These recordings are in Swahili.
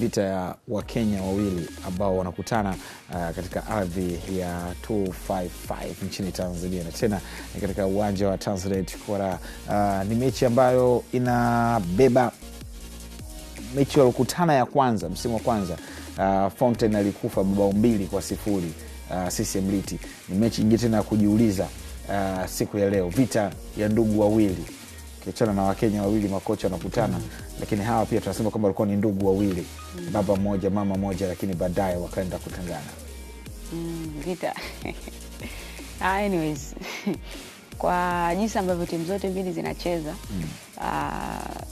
vita ya Wakenya wawili ambao wanakutana uh, katika ardhi ya 255 nchini Tanzania na tena ni katika uwanja wa Tanzanite Kora. Uh, ni mechi ambayo inabeba mechi waliokutana ya kwanza msimu wa kwanza uh, Fountain alikufa mabao mbili kwa sifuri uh, CCM Ni mechi ingine tena ya kujiuliza uh, siku ya leo, vita ya ndugu wawili kiachana na Wakenya wawili makocha wanakutana mm. Lakini hawa pia tunasema kwamba walikuwa ni ndugu wawili mm. Baba mmoja mama moja, lakini baadaye wakaenda kutengana mm, ah, anyways kwa jinsi ambavyo timu zote mbili zinacheza mm. Uh,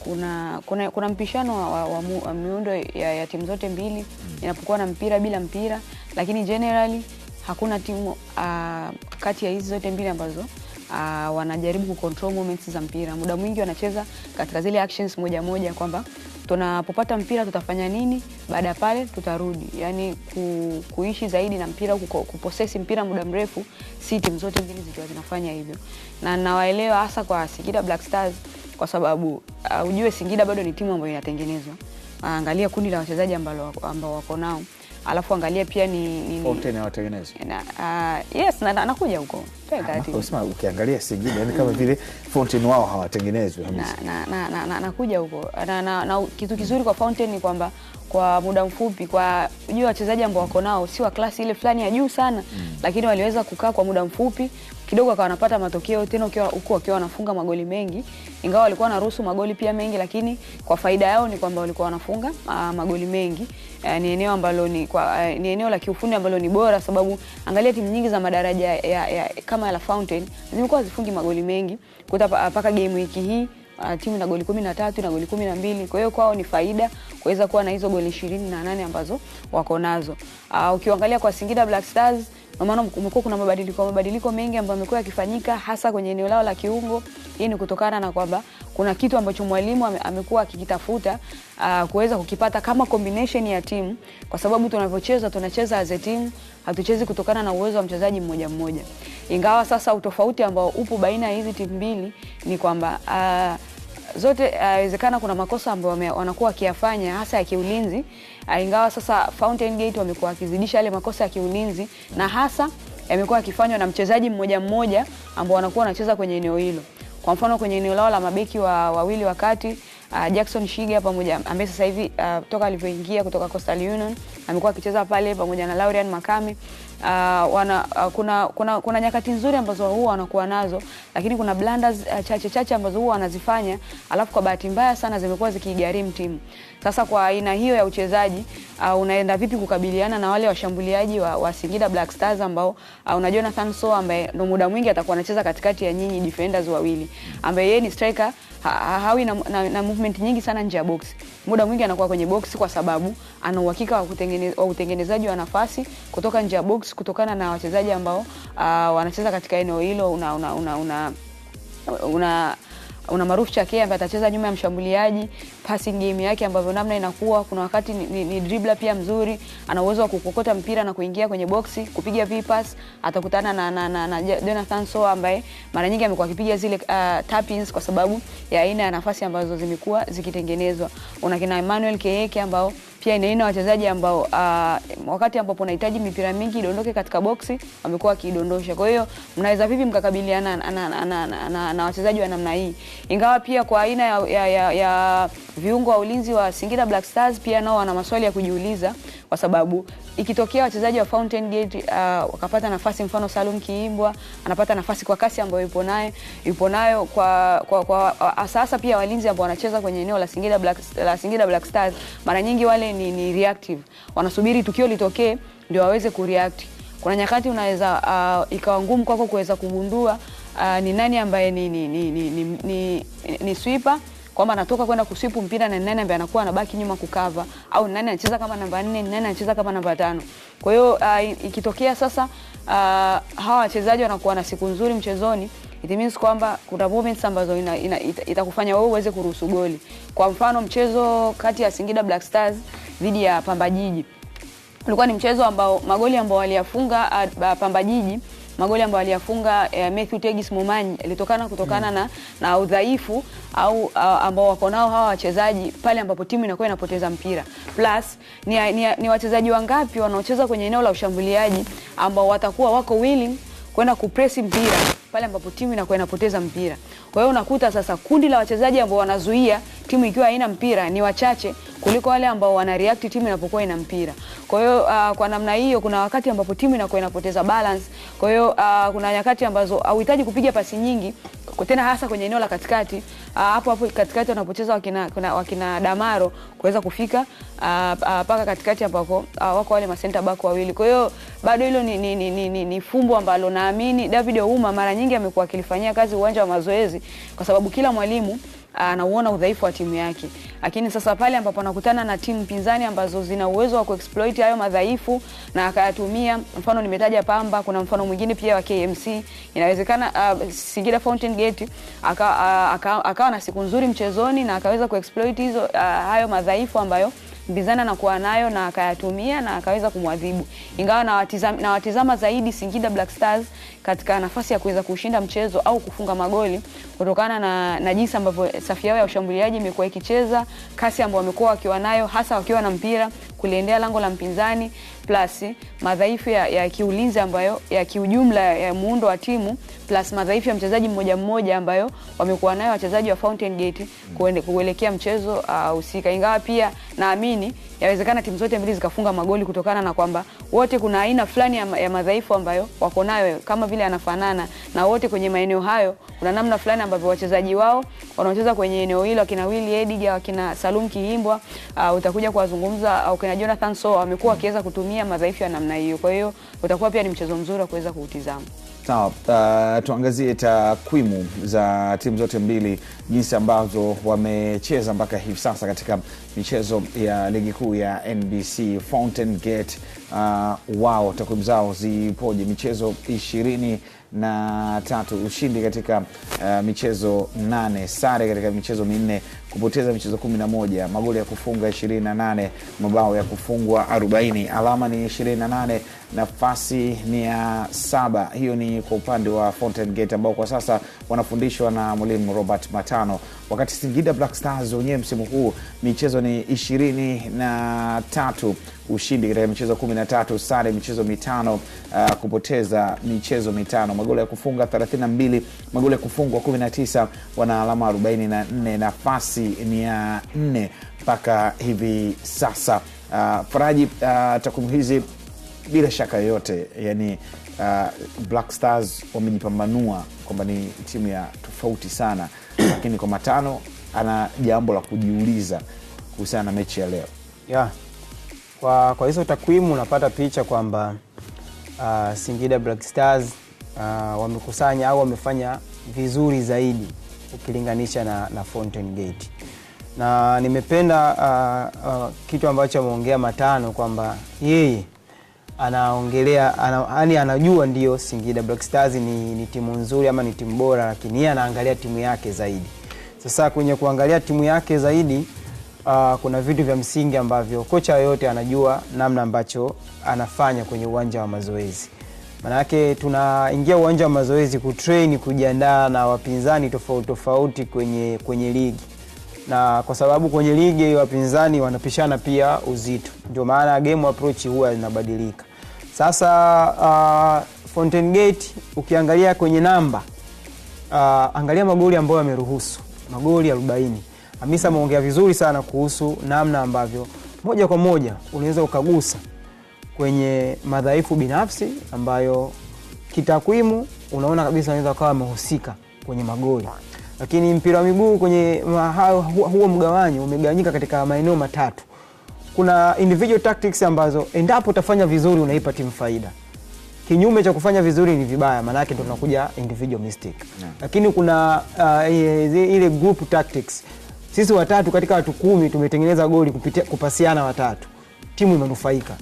kuna, kuna, kuna mpishano wa, wa, wa, wa miundo ya, ya timu zote mbili mm. Inapokuwa na mpira bila mpira, lakini generali hakuna timu uh, kati ya hizi zote mbili ambazo uh, wanajaribu kucontrol moments za mpira. Muda mwingi wanacheza katika zile actions moja moja, kwamba tunapopata mpira tutafanya nini, baada ya pale tutarudi, yani ku, kuishi zaidi na mpira, kuposesi mpira muda mrefu, si timu zote mbili zikiwa zinafanya hivyo, na nawaelewa hasa kwa Singida Black Stars kwa sababu uh, ujue Singida bado ni timu ambayo inatengenezwa. Ah, angalia kundi la wachezaji ambao wako nao alafu angalia pia ni, ni, ni... inayotengenezwa uh, ah, yes, na anakuja huko usema ah, ukiangalia Singida yani kama vile fountain wao hawatengenezwi anakuja huko na, na, na, na, na, na, na kitu kizuri kwa fountain ni kwamba kwa muda mfupi, kwa jua wachezaji ambao wako nao si wa klasi ile fulani ya juu sana mm. lakini waliweza kukaa kwa muda mfupi kidogo, akawa anapata matokeo tena, huku wakiwa wanafunga magoli mengi, ingawa walikuwa wanaruhusu magoli pia mengi, lakini kwa faida yao ni kwamba walikuwa wanafunga uh, magoli mengi. uh, ni eneo ambalo ni, kwa, uh, ni eneo la kiufundi ambalo ni bora, sababu angalia timu nyingi za madaraja ya, ya, ya, kama la Fountain zimekuwa zifungi magoli mengi kuta mpaka game wiki hii uh, timu na goli kumi na tatu na goli kumi na mbili kwa hiyo kwao ni faida kuweza kuwa na hizo goli ishirini na nane ambazo wako nazo. Uh, ukiangalia kwa Singida Black Stars maana kumekuwa kuna mabadiliko mabadiliko mengi ambayo yamekuwa yakifanyika hasa kwenye eneo lao la kiungo. Hii ni kutokana na kwamba kuna kitu ambacho mwalimu amekuwa akikitafuta uh, kuweza kukipata kama combination ya timu, kwa sababu tunavyocheza tunacheza as a team, hatuchezi kutokana na uwezo wa mchezaji mmoja mmoja. Ingawa sasa utofauti ambao upo baina ya hizi timu mbili ni kwamba uh, zote eh, inawezekana uh, kuna makosa ambayo wanakuwa wakiyafanya hasa ya kiulinzi uh, ingawa sasa Fountain Gate wamekuwa wakizidisha yale makosa ya kiulinzi na hasa yamekuwa yakifanywa na mchezaji mmoja mmoja ambao wanakuwa wanacheza kwenye eneo hilo. Kwa mfano kwenye eneo lao la mabeki wa wawili wakati uh, ah, Jackson Shiga pamoja ambaye sasa hivi uh, toka alivyoingia kutoka Coastal Union amekuwa akicheza pale pamoja na Laurian Makame uh, wana, uh, kuna, kuna, kuna nyakati nzuri ambazo huwa wanakuwa nazo, lakini kuna blunders uh, chache chache ambazo huwa wanazifanya, alafu kwa bahati mbaya sana zimekuwa zikigharimu timu. Sasa kwa aina hiyo ya uchezaji uh, unaenda vipi kukabiliana na wale washambuliaji wa, wa Singida Black Stars ambao uh, una Jonathan So ambaye ndo muda mwingi atakuwa anacheza katikati ya nyinyi defenders wawili, ambaye yeye ni striker ha, ha, hawi na, na, na movement nyingi sana nje ya box. Muda mwingi anakuwa kwenye box kwa sababu ana uhakika wa utengenezaji wa nafasi kutoka nje ya box Hawks kutokana na wachezaji ambao uh, wanacheza katika eneo hilo una, una, una, una, una una maarufu Chake ambaye atacheza nyuma ya mshambuliaji, passing game yake ambavyo namna inakuwa, kuna wakati ni, ni, ni dribbler pia mzuri, ana uwezo wa kukokota mpira na kuingia kwenye boxi kupiga V pass. Atakutana na, na, na, na Jonathan So ambaye mara nyingi amekuwa akipiga zile uh, tap kwa sababu ya aina ya nafasi ambazo zimekuwa zikitengenezwa. Una kina Emmanuel Keke ambao pia inaina wachezaji ambao uh, wakati ambapo unahitaji mipira mingi idondoke katika boksi wamekuwa wakiidondosha. Kwa hiyo mnaweza vipi mkakabiliana na, na, na, na, na, na, na wachezaji wa namna hii? Ingawa pia kwa aina ya, ya, ya, ya viungo wa ulinzi wa Singida Black Stars pia nao wana maswali ya kujiuliza kwa sababu ikitokea wachezaji wa Fountain Gate uh, wakapata nafasi, mfano Salum Kiimbwa anapata nafasi kwa kasi ambayo yupo naye yupo nayo kwa, kwa, kwa sasa. Uh, pia walinzi ambao wanacheza kwenye eneo la Singida Black, la Singida Black Stars mara nyingi wale ni, ni reactive, wanasubiri tukio litokee ndio waweze kureact. Kuna nyakati unaweza uh, ikawa ngumu kwako kuweza kugundua uh, ni nani ambaye ni, ni, ni, ni, ni, ni, ni, ni sweeper kwamba anatoka kwenda kusipu mpira na nani ambaye anakuwa anabaki nyuma kukava, au nani anacheza kama namba nne, nani anacheza kama namba tano. Kwa hiyo uh, ikitokea sasa uh, hawa wachezaji wanakuwa na siku nzuri mchezoni It means kwamba kuna moments ambazo itakufanya wewe uweze kuruhusu goli. Kwa mfano mchezo kati ya Singida Black Stars dhidi ya Pamba Jiji ulikuwa ni mchezo ambao magoli ambao waliyafunga ah, Pamba Jiji magoli ambayo aliyafunga eh, Matthew Tegis Momanyi ilitokana kutokana mm. na, na udhaifu au uh, ambao wako nao hawa wachezaji pale ambapo timu inakuwa inapoteza mpira. Plus ni, ni, ni wachezaji wangapi wanaocheza kwenye eneo la ushambuliaji ambao watakuwa wako willing kwenda kupresi mpira pale ambapo timu inakuwa inapoteza mpira. Kwa hiyo unakuta sasa kundi la wachezaji ambao wanazuia timu ikiwa haina mpira ni wachache kuliko wale ambao wana react timu inapokuwa ina mpira. Kwa hiyo uh, kwa namna hiyo kuna wakati ambapo timu inakuwa inapoteza balance. Kwa hiyo uh, kuna nyakati ambazo hauhitaji kupiga pasi nyingi tena hasa kwenye eneo la katikati Ah, hapo hapo katikati wanapocheza wakina, kuna, wakina Damaro kuweza kufika ah, ah, mpaka katikati ambako wako wale masenta bako wawili. Kwa hiyo bado hilo ni, ni, ni, ni, ni, ni fumbo ambalo naamini David Ouma mara nyingi amekuwa akilifanyia kazi uwanja wa mazoezi, kwa sababu kila mwalimu anauona udhaifu wa timu yake, lakini sasa pale ambapo anakutana na timu pinzani ambazo zina uwezo wa kuexploit hayo madhaifu na akayatumia, mfano nimetaja Pamba, kuna mfano mwingine pia wa KMC, inawezekana uh, Singida Fountain Gate akawa uh, aka, aka na siku nzuri mchezoni na akaweza kuexploit hizo uh, hayo madhaifu ambayo mpinzani anakuwa nayo na akayatumia na akaweza kumwadhibu. Ingawa nawatizama, na zaidi Singida Black Stars katika nafasi ya kuweza kushinda mchezo au kufunga magoli kutokana na, na jinsi ambavyo safu yao ya ushambuliaji imekuwa ikicheza, kasi ambayo wamekuwa wakiwa nayo, hasa wakiwa na mpira kuliendea lango la mpinzani, plus madhaifu ya, ya kiulinzi ambayo ya kiujumla ya muundo wa timu, plus madhaifu ya mchezaji mmoja mmoja ambayo wamekuwa nayo wachezaji wa Fountain Gate kuelekea mchezo uh, usika, ingawa pia naamini yawezekana timu zote mbili zikafunga magoli kutokana na kwamba wote kuna aina fulani ya, ya madhaifu ambayo wako nayo kama vile anafanana na wote kwenye maeneo hayo. Kuna namna fulani ambavyo wachezaji wao wanaocheza kwenye eneo hilo akina Willy Ediga, akina Salum Kihimbwa, uh, utakuja kuwazungumza au uh, kina Jonathan So wamekuwa wakiweza kutumia madhaifu ya namna hiyo. Kwa hiyo utakuwa pia ni mchezo mzuri wa kuweza kuutizama. Sawa, uh, tuangazie takwimu za timu zote mbili jinsi ambazo wamecheza mpaka hivi sasa katika michezo ya ligi kuu ya NBC Fountain Gate. Uh, wao takwimu zao zipoje? michezo ishirini na tatu ushindi katika uh, michezo nane sare katika michezo minne kupoteza michezo moja magoli ya kufunga 28 mabao ya kufungwa arobaini alama ni nane nafasi ni ya saba hiyo ni kwa upande wa fountain gate ambao kwa sasa wanafundishwa na mwalimu robert matano wakati singida black stars wenyewe msimu huu michezo ni ishirini na tatu ushindi katika michezo 13 sare michezo mitano uh, kupoteza michezo mitano magoli ya kufunga 32 magoli ya kufungwa 19 wana alama 44 nafasi ni ya 4 mpaka hivi sasa uh, faraji uh, takwimu hizi bila shaka yoyote yani uh, black stars wamejipambanua kwamba ni timu ya tofauti sana lakini kwa matano ana jambo la kujiuliza kuhusiana na mechi ya leo yeah kwa, kwa hizo takwimu unapata picha kwamba uh, Singida Black Stars uh, wamekusanya au wamefanya vizuri zaidi ukilinganisha na, na Fountain Gate na nimependa uh, uh, kitu ambacho ameongea Matano kwamba yeye anaongelea yani anajua ndio Singida Black Stars ni, ni timu nzuri ama ni timu bora, lakini yeye anaangalia timu yake zaidi. Sasa kwenye kuangalia timu yake zaidi uh, kuna vitu vya msingi ambavyo kocha yoyote anajua namna ambacho anafanya kwenye uwanja wa mazoezi. manake tunaingia uwanja wa mazoezi kutrain, kujiandaa na wapinzani tofauti tofauti kwenye, kwenye ligi na kwa sababu kwenye ligi wapinzani wanapishana pia uzito, ndio maana game approach huwa inabadilika. Sasa uh, Gate ukiangalia kwenye namba uh, angalia magoli ambayo yameruhusu magoli Hamisa ameongea vizuri sana kuhusu namna ambavyo moja kwa moja unaweza ukagusa kwenye madhaifu binafsi ambayo kitakwimu unaona kabisa unaweza ukawa amehusika kwenye magoli, lakini mpira wa miguu kwenye huo huo mgawanyo umegawanyika katika maeneo matatu. Kuna individual tactics ambazo endapo utafanya vizuri unaipa timu faida, kinyume cha kufanya vizuri ni vibaya, maanake ndo tunakuja individual mistake. yeah. Lakini kuna uh, ile group tactics sisi watatu katika watu kumi tumetengeneza goli kupitia kupasiana watatu, timu imenufaika.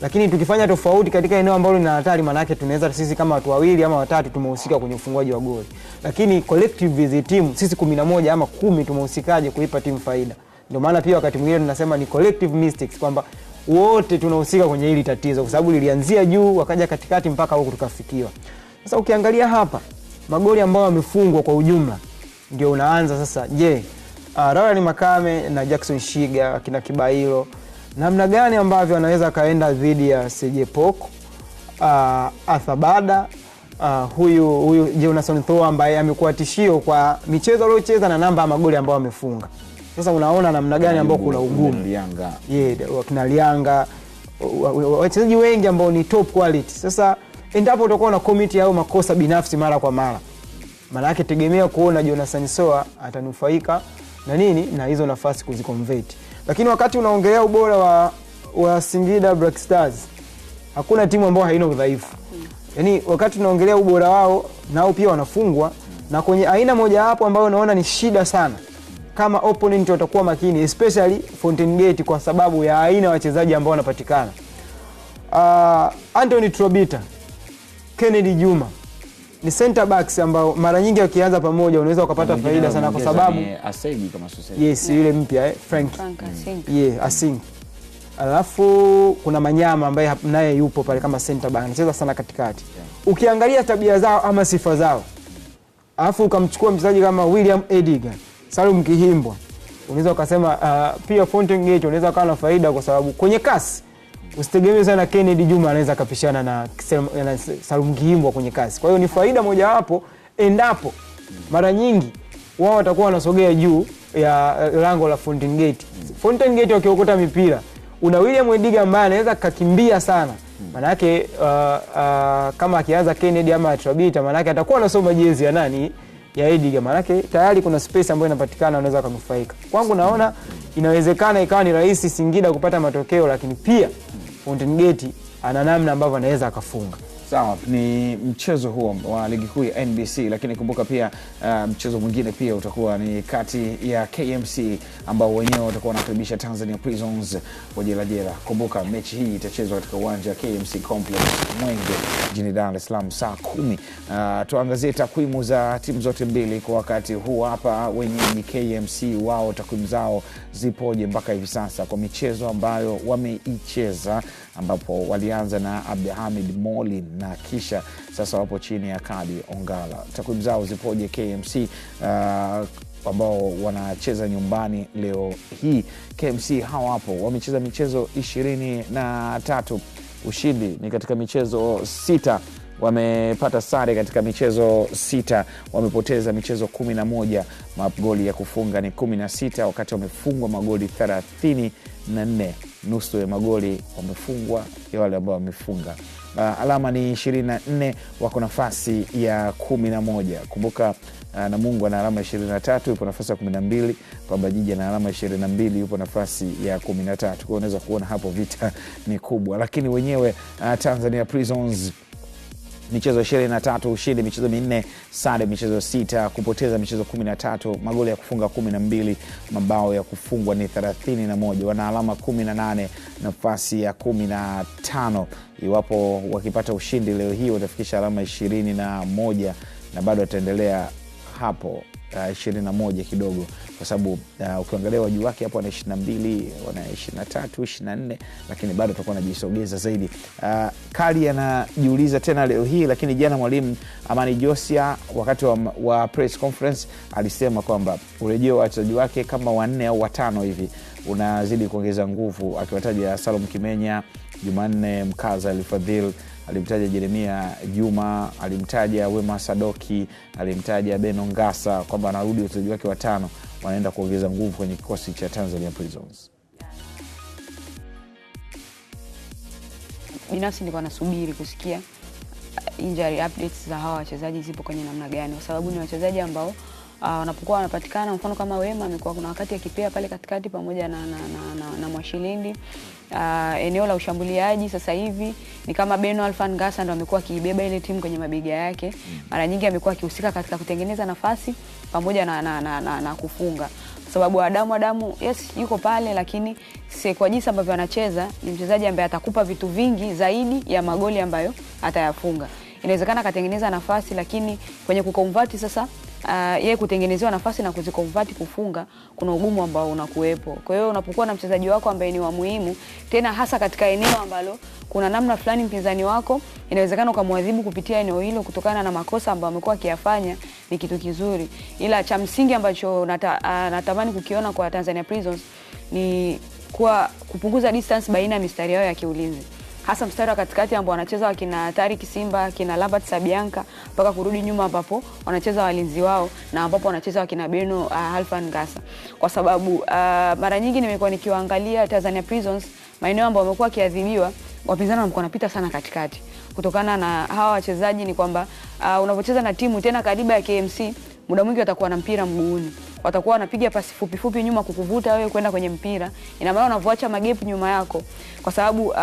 Lakini tukifanya tofauti katika eneo ambalo lina hatari, maanaake tunaweza sisi kama watu wawili ama watatu tumehusika kwenye ufungaji wa goli, lakini collective sisi kumi na moja ama kumi tumehusikaje kuipa timu faida? Ndio maana pia wakati mwingine tunasema ni collective mistakes kwamba wote tunahusika kwenye hili tatizo, kwa sababu lilianzia juu wakaja katikati mpaka huku tukafikiwa. Sasa ukiangalia hapa magoli ambayo yamefungwa kwa ujumla, ndio unaanza sasa, je, yeah uh, ah, Ryan Makame na Jackson Shiga akina Kibailo, namna gani ambavyo anaweza akaenda dhidi ya CJ Sejepoku uh, ah, Athabada uh, ah, huyu huyu Jonathan Thoa ambaye amekuwa tishio kwa michezo aliyocheza na namba ya magoli ambayo amefunga. Sasa unaona namna gani ambao kuna ugumu Lianga. Yeah, wakina Lianga wachezaji wengi ambao ni top quality. Sasa endapo utakuwa na komiti au makosa binafsi mara kwa mara, maana yake tegemea kuona Jonathan Soa atanufaika na nini na hizo nafasi kuzikonveti Lakini wakati unaongelea ubora wa, wa Singida Black Stars, hakuna timu ambayo haina udhaifu yani, wakati unaongelea ubora wao nao pia wanafungwa na kwenye aina moja hapo ambayo unaona ni shida sana kama opponent watakuwa makini especially Fountain Gate kwa sababu ya aina ya wachezaji ambao wanapatikana. Uh, Anthony Trobita, Kennedy Juma ni center backs ambao mara nyingi wakianza pamoja unaweza ukapata faida sana kwa sababu yes, yeah. yule mpya eh, Frank, Frank mm. yeah, Asing alafu kuna Manyama ambaye naye yupo pale kama center back anacheza sana katikati yeah. Ukiangalia tabia zao ama sifa zao, alafu ukamchukua mchezaji kama William Edigan, Salum Kihimbwa, unaweza ukasema uh, pia Fountain Gate unaweza ukawa na faida kwa sababu kwenye kasi usitegemee sana Kennedy Juma anaweza akapishana na, na Salum Kiimbwa kwenye kasi. Kwa hiyo ni faida mojawapo endapo mara nyingi wao watakuwa wanasogea juu ya eh, lango la Fountain Gate. Fountain Gate wakiokota mipira una William Wediga ambaye anaweza kakimbia sana manake, uh, uh, kama akianza Kennedy ama Atrabita manake atakuwa anasoma jezi ya nani ya hii maanake tayari kuna space ambayo inapatikana, unaweza kunufaika. Kwangu naona inawezekana ikawa ni rahisi Singida kupata matokeo, lakini pia Fountain Gate ana namna ambavyo anaweza akafunga. Sawa, ni mchezo huo wa ligi kuu ya NBC, lakini kumbuka pia uh, mchezo mwingine pia utakuwa ni kati ya KMC ambao wenyewe watakuwa wanakaribisha Tanzania Prisons wa jerajera Kumbuka mechi hii itachezwa katika uwanja wa KMC Complex Mwenge jijini Dar es Salaam saa kumi. Uh, tuangazie takwimu za timu zote mbili kwa wakati huu. Hapa wenyeji KMC, wao takwimu zao zipoje mpaka hivi sasa kwa michezo ambayo wameicheza? ambapo walianza na abdhamid moli na kisha sasa wapo chini ya Kadi Ongala. Takwimu zao zipoje KMC uh, ambao wanacheza nyumbani leo hii. KMC hawa wamecheza michezo ishirini na tatu, ushindi ni katika michezo sita wamepata sare katika michezo sita, wamepoteza michezo kumi na moja. Magoli ya kufunga ni kumi na sita wakati wamefungwa magoli thelathini na nne nusu ya magoli wamefungwa ya wale ambao wamefunga. Uh, alama ni 24 wako nafasi ya 11. Kumbuka uh, Namungo ana alama 23, yupo nafasi ya 12. pamba Jiji ana alama 22, yupo nafasi ya 13. kwao unaweza kuona hapo vita ni kubwa, lakini wenyewe uh, Tanzania Prisons michezo ishirini na tatu ushindi michezo minne sare michezo sita kupoteza michezo kumi na tatu magoli ya kufunga kumi na mbili mabao ya kufungwa ni 31 na moja wana alama kumi na nane nafasi ya kumi na tano iwapo wakipata ushindi leo hii watafikisha alama ishirini na moja na bado wataendelea hapo Uh, ishirini na moja kidogo kwa sababu uh, ukiangalia wajuu wake hapo wana ishirina mbili wana ishirina tatu nne lakini bado atakuwa anajisogeza zaidi uh, kali anajiuliza tena leo hii lakini jana mwalimu amani josia wakati wa, wa press conference alisema kwamba urejeo wa wachezaji wake kama wanne au watano hivi unazidi kuongeza nguvu akiwataja salum kimenya jumanne mkaza alifadhil alimtaja jeremia juma alimtaja wema sadoki alimtaja beno ngasa kwamba anarudi wachezaji wake watano wanaenda kuongeza nguvu kwenye kikosi cha tanzania prisons binafsi nilikuwa nasubiri kusikia injury updates za hawa wachezaji zipo kwenye namna gani kwa sababu ni wachezaji ambao Ah, wanapokuwa uh, wanapatikana. Mfano kama Wema amekuwa kuna wakati akipea pale katikati pamoja na, na, na, na, na Mwashilindi. Uh, ah, eneo la ushambuliaji sasa hivi ni kama Beno Alfan Gasa ndo amekuwa akiibeba ile timu kwenye mabega yake. Mm. Mara nyingi amekuwa akihusika katika kutengeneza nafasi pamoja na, na, na, na, na kufunga sababu Adamu Adamu yes yuko pale, lakini si kwa jinsi ambavyo anacheza, ni mchezaji ambaye atakupa vitu vingi zaidi ya magoli ambayo atayafunga. Inawezekana akatengeneza nafasi, lakini kwenye kukonvert sasa uh, yeye kutengenezewa nafasi na kuzikonvert kufunga kuna ugumu ambao unakuwepo. Kwa hiyo unapokuwa na mchezaji wako ambaye ni wa muhimu tena hasa katika eneo ambalo kuna namna fulani mpinzani wako inawezekana ukamwadhibu kupitia eneo hilo kutokana na makosa ambayo amekuwa akiyafanya, ni kitu kizuri, ila cha msingi ambacho nata, uh, natamani kukiona kwa Tanzania Prisons ni kuwa kupunguza distance baina ya mistari yao ya kiulinzi hasa mstari wa katikati ambao wanacheza wakina Tariq Simba, kina Labat Sabianka mpaka kurudi nyuma ambapo wanacheza walinzi wao na ambapo wanacheza wakina Beno uh, Halfan Gasa. kwa sababu uh, mara nyingi nimekuwa nikiwaangalia Tanzania Prisons maeneo ambayo wamekuwa wakiadhibiwa wapinzani wamekuwa wanapita sana katikati kutokana na hawa wachezaji ni kwamba uh, unapocheza na timu tena kariba ya KMC muda mwingi watakuwa na mpira mguuni, watakuwa wanapiga pasi fupi fupi nyuma kukuvuta wewe kwenda kwenye mpira. Ina maana unavuacha magepu nyuma yako, kwa sababu uh,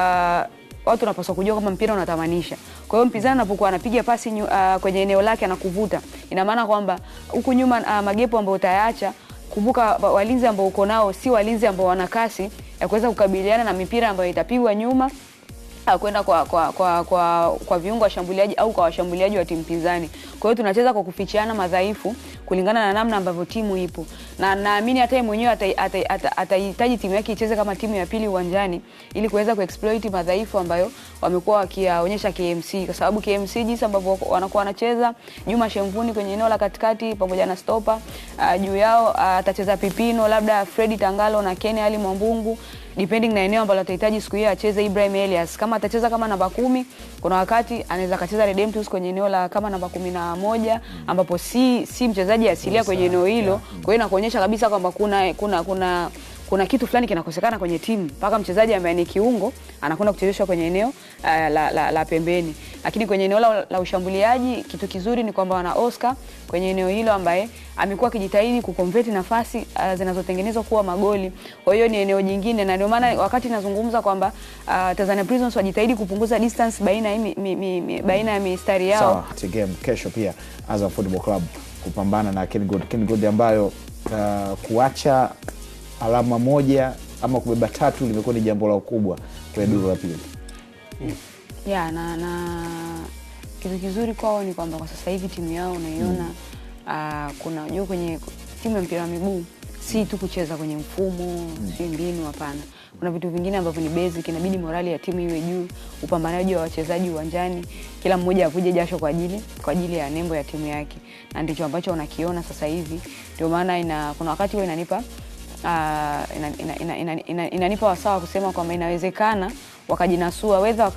watu wanapaswa kujua kwamba mpira unatamanisha. Kwa hiyo mpinzani anapokuwa anapiga pasi uh, kwenye eneo lake anakuvuta, ina maana kwamba huku nyuma uh, ah, magepo ambayo utayaacha. Kumbuka walinzi ambao uko nao si walinzi ambao wana kasi ya kuweza kukabiliana na mipira ambayo itapigwa nyuma kwenda kwa, kwa, kwa, kwa, kwa viungo washambuliaji au kwa washambuliaji wa timu pinzani. Kwa hiyo tunacheza kwa kufichiana madhaifu kulingana na namna ambavyo timu ipo, na naamini hata yeye mwenyewe atahitaji ata, ata, ata ata timu yake icheze kama timu ya pili uwanjani ili kuweza kuexploit madhaifu ambayo wamekuwa wakiyaonyesha KMC, kwa sababu KMC jinsi ambavyo wanakuwa wanacheza, Juma Shemvuni kwenye eneo la katikati pamoja na stopa uh, juu yao uh, atacheza Pipino labda Fredi Tangalo na Kenny Ali Mwambungu depending na eneo ambalo atahitaji siku hiyo acheze Ibrahim Elias. Kama atacheza kama namba kumi, kuna wakati anaweza akacheza Redemptus kwenye eneo la kama namba kumi na moja ambapo si, si mchezaji asilia kwenye eneo hilo. Kwa hiyo inakuonyesha kabisa kwamba kuna, kuna, kuna kuna kitu fulani kinakosekana kwenye timu mpaka mchezaji ambaye ni kiungo anakwenda kuchezeshwa kwenye eneo uh, la, la, la pembeni. Lakini kwenye eneo la, la ushambuliaji kitu kizuri ni kwamba wana Oscar kwenye eneo hilo ambaye amekuwa akijitahidi kukonvert nafasi uh, zinazotengenezwa kuwa magoli. Kwa hiyo ni eneo jingine, na ndio maana wakati nazungumza kwamba uh, Tanzania Prisons wajitahidi kupunguza distance baina mi, mi, mi, mi, baina ya mistari yao. Sawa, game kesho pia Azam Football Club kupambana na Kingold Kingold ambayo uh, kuacha alama moja ama kubeba tatu limekuwa ni jambo la ukubwa kwenye duru la pili yeah, na, na kitu kizuri kwao ni kwamba kwa sasa hivi timu yao unaiona mm. uh, kuna juu kwenye timu ya mpira wa miguu si tu kucheza kwenye mfumo mm. si mbinu, hapana. Kuna vitu vingine ambavyo ni basic, inabidi morali ya timu iwe juu, upambanaji wa wachezaji uwanjani, kila mmoja avuje jasho kwa ajili kwa ajili ya nembo ya timu yake, na ndicho ambacho unakiona sasa hivi. Ndio maana ina, kuna wakati huwa inanipa uh, ah, inanipa ina, ina, ina, ina, ina, ina, ina wasawa kusema kwamba inawezekana wakajinasua wedha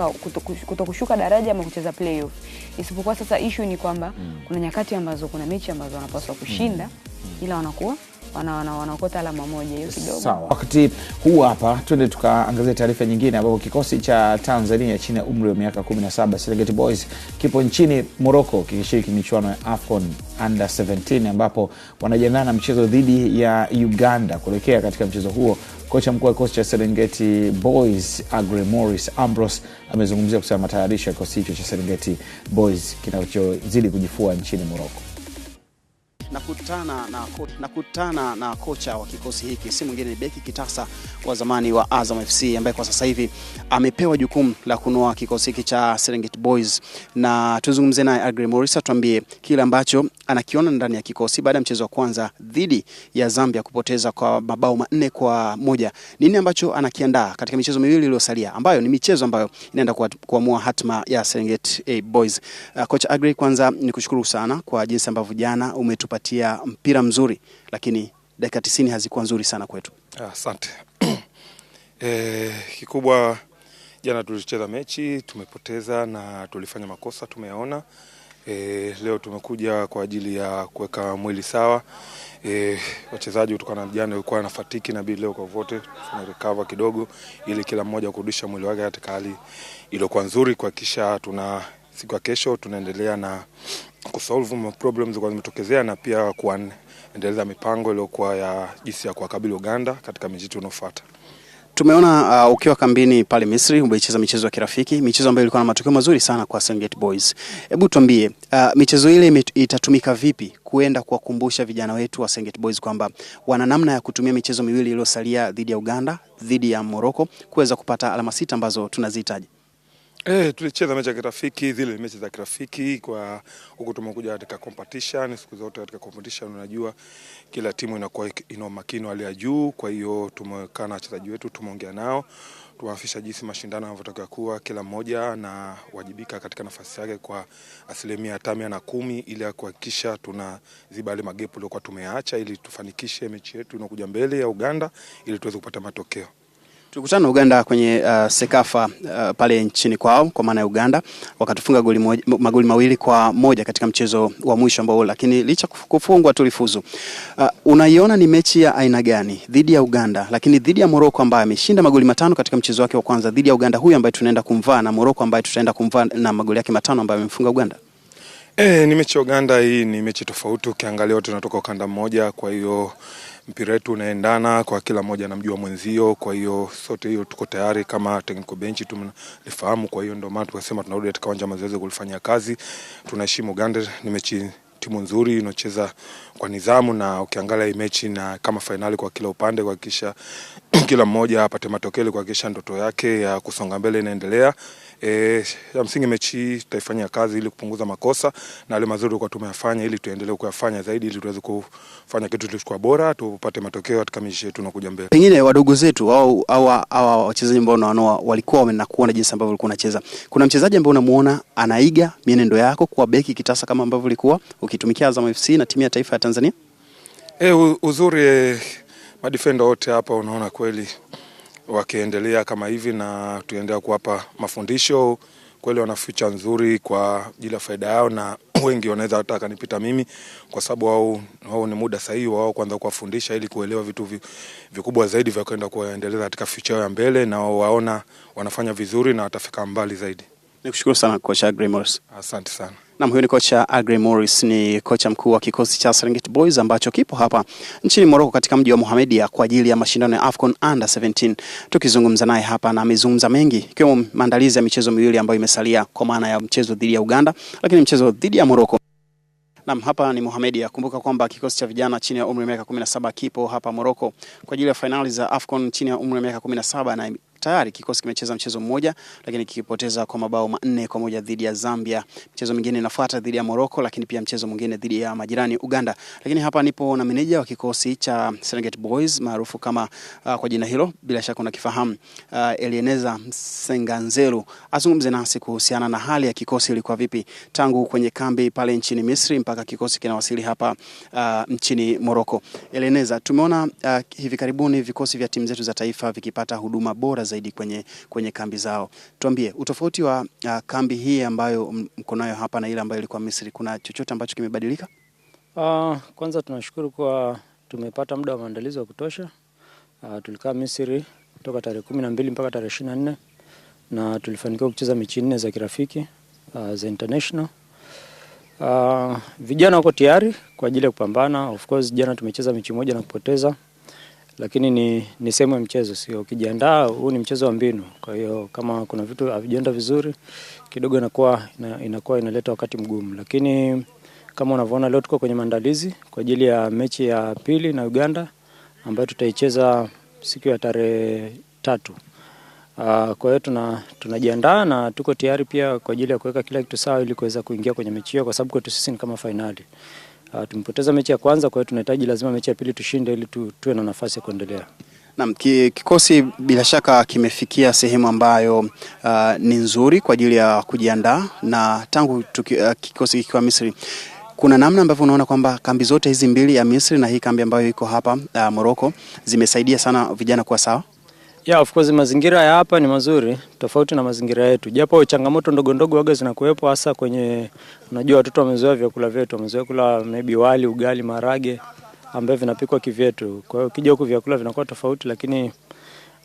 kutokushuka daraja ama kucheza playoff. Isipokuwa sasa issue ni kwamba mm. kuna nyakati ambazo kuna mechi ambazo wanapaswa mm. kushinda mm. ila wanakuwa wanaokota alama moja hiyo kidogo. Sawa, wakati huu hapa twende tukaangazia taarifa nyingine, ambapo kikosi cha Tanzania chini ya umri wa miaka 17 Serengeti Boys kipo nchini moroco kikishiriki michuano ya AFCON Under 17 ambapo wanajiandaa na mchezo dhidi ya Uganda. Kuelekea katika mchezo huo, Kocha mkuu wa kikosi cha Serengeti Boys Agre Morris Ambros amezungumzia kuhusiana matayarisho ya kikosi hicho cha Serengeti Boys kinachozidi kujifua nchini Moroko nakutana na, ko, nakutana na kocha wa kikosi hiki si mwingine ni Beki Kitasa wa zamani wa Azam FC ambaye kwa sasa hivi amepewa jukumu la kunoa kikosi hiki cha Serengeti Boys, na tuzungumze naye Agri Morisa, tuambie kile ambacho anakiona ndani ya kikosi baada ya mchezo wa kwanza dhidi ya Zambia kupoteza kwa mabao manne kwa moja. Nini ambacho anakiandaa katika michezo miwili iliyosalia ambayo ni michezo ambayo inaenda kuamua hatima ya Serengeti eh, Boys? Uh, kocha Agri, kwanza nikushukuru sana kwa jinsi ambavyo jana umetupa kutupatia mpira mzuri, lakini dakika tisini hazikuwa nzuri sana kwetu. Ah, asante. Eh, kikubwa jana tulicheza mechi tumepoteza na tulifanya makosa tumeyaona. E, leo tumekuja kwa ajili ya kuweka mwili sawa. E, wachezaji kutokana na jana walikuwa na fatiki na leo kwa vote tuna recover kidogo, ili kila mmoja kurudisha mwili wake katika hali iliyokuwa nzuri, kuhakikisha tuna siku ya kesho tunaendelea na kusolve problems kwa zimetokezea na pia kuendeleza mipango iliyokuwa ya jinsi ya kuwakabili Uganda katika mechi unaofuata. Tumeona uh, ukiwa kambini pale Misri umecheza michezo ya kirafiki, michezo ambayo ilikuwa na matokeo mazuri sana kwa Serengeti Boys. Hebu tuambie, uh, michezo ile itatumika vipi kuenda kuwakumbusha vijana wetu wa Serengeti Boys kwamba wana namna ya kutumia michezo miwili iliyosalia dhidi ya Uganda, dhidi ya Morocco kuweza kupata alama sita ambazo tunazihitaji? Eh, tulicheza mechi ya kirafiki, zile mechi za kirafiki kwa huko, tumekuja katika competition. Siku zote katika competition, unajua kila timu inakuwa ina makini hali ya juu. Kwa hiyo tumekaa na wachezaji wetu, tumeongea nao, tuwafisha jinsi mashindano yanavyotakiwa kuwa, kila mmoja na wajibika katika nafasi yake kwa asilimia tamia na kumi, ili kuhakikisha tunaziba ile magepu tuliokuwa tumeacha, ili tufanikishe mechi yetu inakuja mbele ya Uganda, ili tuweze kupata matokeo. Tulikutana Uganda kwenye uh, Sekafa uh, pale nchini kwao kwa maana ya Uganda, wakatufunga goli moja, magoli mawili kwa moja katika mchezo wa mwisho ambao, lakini licha kufungwa tulifuzu. Uh, unaiona ni mechi ya aina gani dhidi ya Uganda, lakini dhidi ya Morocco ambaye ameshinda magoli matano katika mchezo wake wa kwanza dhidi ya Uganda, huyu ambaye tunaenda kumvaa na Morocco ambaye tutaenda kumvaa na magoli yake matano ambayo amemfunga Uganda. E, ni mechi ya Uganda hii, ni mechi tofauti. Ukiangalia watu tunatoka ukanda mmoja, kwa hiyo mpira wetu unaendana kwa kila mmoja anamjua mwenzio, kwa hiyo sote hiyo tuko tayari kama technical bench tumelifahamu. Kwa hiyo ndio maana tukasema tunarudi katika uwanja mazoezi kulifanya kazi. Tunaheshimu Uganda, ni mechi timu nzuri inaocheza kwa nidhamu, na ukiangalia hii mechi na kama fainali kwa kila upande, kuhakikisha kila mmoja apate matokeo ili kuhakikisha ndoto yake ya kusonga mbele inaendelea. E, ya msingi mechi tutaifanyia kazi ili kupunguza makosa na yale mazuri kwa tumeyafanya, ili tuendelee kuyafanya zaidi, ili tuweze kufanya kitu kilichokuwa bora, tupate matokeo katika mechi yetu na kuja mbele. Pengine wadogo zetu au hawa wachezaji ambao unaona walikuwa wanakuona jinsi ambavyo walikuwa wanacheza, kuna mchezaji ambaye unamuona anaiga mienendo yako kwa beki kitasa kama ambavyo ulikuwa ukitumikia Azam FC na timu ya taifa ya Tanzania. Tanzania? E, uzuri eh, madifenda wote hapa unaona kweli wakiendelea kama hivi na tuendelea kuwapa mafundisho kweli, wana future nzuri kwa ajili ya faida yao, na wengi wanaweza hata kanipita mimi, kwa sababu wao wao ni muda sahihi wao kwanza kuwafundisha ili kuelewa vitu vikubwa zaidi vya kwenda kuendeleza katika future yao ya mbele, na waona wanafanya vizuri na watafika mbali zaidi. Nikushukuru sana kocha Grimos, asante sana. Na huyu ni kocha Agre Morris, ni kocha mkuu wa kikosi cha Serengeti Boys ambacho kipo hapa nchini Morocco katika mji wa Mohamedia kwa ajili ya mashindano ya Afcon Under 17. Tukizungumza naye hapa na amezungumza mengi ikiwemo maandalizi ya michezo miwili ambayo imesalia kwa maana ya mchezo dhidi ya Uganda, lakini mchezo dhidi ya Morocco. nam hapa ni Mohamedia. Kumbuka kwamba kikosi cha vijana chini ya umri wa miaka 17 kipo hapa Morocco kwa ajili ya fainali za Afcon chini ya umri wa miaka 17 na tayari kikosi kimecheza mchezo mmoja lakini kikipoteza kwa mabao manne kwa moja dhidi ya Zambia. Mchezo mwingine inafuata dhidi ya Morocco, lakini pia mchezo mwingine dhidi ya majirani Uganda. Lakini hapa nipo na meneja wa kikosi cha Serengeti Boys maarufu kama uh, kwa jina hilo bila shaka unakifahamu uh, Elieneza Msenganzeru azungumze nasi kuhusiana na hali ya kikosi ilikuwa vipi tangu kwenye kambi pale nchini Misri mpaka kikosi kinawasili hapa uh, nchini Morocco. Elieneza, tumeona uh, hivi karibuni vikosi vya timu zetu za taifa vikipata huduma bora zaidi kwenye, kwenye kambi zao. Tuambie utofauti wa uh, kambi hii ambayo mko nayo hapa na ile ambayo ilikuwa Misri, kuna chochote ambacho kimebadilika? Uh, kwanza tunashukuru kwa tumepata muda wa maandalizi wa kutosha. Uh, tulikaa Misri kutoka tarehe kumi na mbili mpaka tarehe ishirini na nne na tulifanikiwa kucheza mechi nne za kirafiki uh, za international. Uh, vijana wako tayari kwa ajili ya kupambana. Of course jana tumecheza mechi moja na kupoteza lakini ni, ni sehemu ya mchezo, sio ukijiandaa. Huu ni mchezo wa mbinu, kwa hiyo kama kuna vitu havijaenda vizuri kidogo inakuwa, ina, inakuwa inaleta wakati mgumu, lakini kama unavyoona leo tuko kwenye maandalizi kwa ajili ya mechi ya pili na Uganda ambayo tutaicheza siku ya tarehe tatu. Uh, kwa hiyo tuna tunajiandaa na tuko tayari pia kwa ajili ya kuweka kila kitu sawa ili kuweza kuingia kwenye mechi hiyo, kwa sababu kwetu sisi ni kama fainali. Uh, ah, tumepoteza mechi ya kwanza, kwa hiyo tunahitaji lazima mechi ya pili tushinde ili tu, tuwe na nafasi ya kuendelea. Naam, kikosi bila shaka kimefikia sehemu ambayo uh, ni nzuri kwa ajili ya kujiandaa na tangu tuki, uh, kikosi kikiwa Misri kuna namna ambavyo unaona kwamba kambi zote hizi mbili ya Misri na hii kambi ambayo iko hapa uh, Moroko zimesaidia sana vijana kuwa sawa. Yeah, of course mazingira ya hapa ni mazuri tofauti na mazingira yetu, japo changamoto ndogo ndogo waga zinakuwepo, hasa kwenye, unajua watoto wamezoea vyakula vyetu, wamezoea kula maybe wali, ugali, marage ambavyo vinapikwa kivyetu. Kwa hiyo ukija huku vyakula vinakuwa tofauti, lakini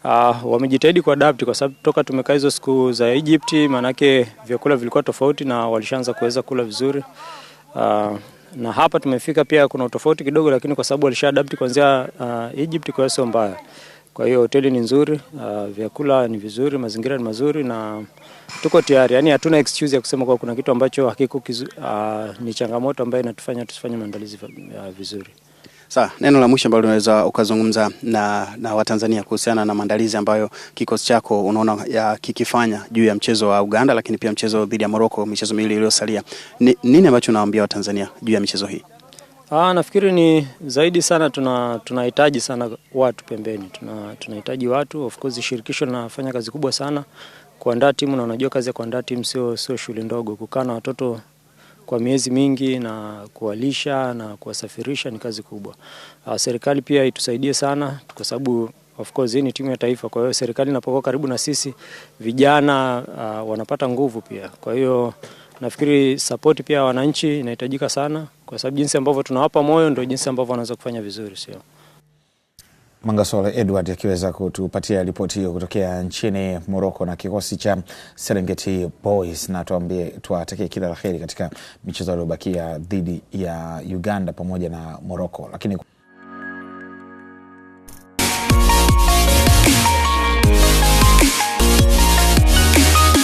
uh, wamejitahidi kuadapt kwa sababu toka tumekaa hizo siku za Egypt, maanake vyakula vilikuwa tofauti na walishaanza kuweza kula vizuri uh, na hapa tumefika pia kuna utofauti kidogo, lakini kwa sababu walishaadapt kuanzia uh, Egypt, kwa hiyo sio mbaya. Kwa hiyo hoteli ni nzuri, uh, vyakula ni vizuri, mazingira ni mazuri na tuko tayari, Yaani hatuna excuse ya kusema kwa kuna kitu ambacho hakiko kizu, uh, ni changamoto ambayo inatufanya tusifanye maandalizi vizuri. Sawa, neno la mwisho ambalo unaweza ukazungumza na, na Watanzania kuhusiana na maandalizi ambayo kikosi chako unaona ya kikifanya juu ya mchezo wa Uganda, lakini pia mchezo dhidi ya Morocco, michezo miwili iliyosalia, nini ambacho unawaambia Watanzania juu ya michezo hii? Ah, nafikiri ni zaidi sana tunahitaji sana watu pembeni, tunahitaji watu. Of course shirikisho linafanya kazi kubwa sana kuandaa timu, na unajua kazi ya kuandaa timu sio sio shughuli ndogo. Kukaa na watoto kwa miezi mingi na kuwalisha na kuwasafirisha ni kazi kubwa. Ah, serikali pia itusaidie sana kwa sababu of course hii ni timu ya taifa, kwa hiyo serikali inapokuwa karibu na sisi vijana ah, wanapata nguvu pia, kwa hiyo Nafikiri sapoti pia wananchi inahitajika sana, kwa sababu jinsi ambavyo tunawapa moyo ndio jinsi ambavyo wanaweza kufanya vizuri, sio? Mangasole Edward akiweza kutupatia ripoti hiyo kutokea nchini Moroko na kikosi cha Serengeti Boys, na tuambie tuwatakie kila la heri katika michezo aliyobakia dhidi ya Uganda pamoja na Moroko lakini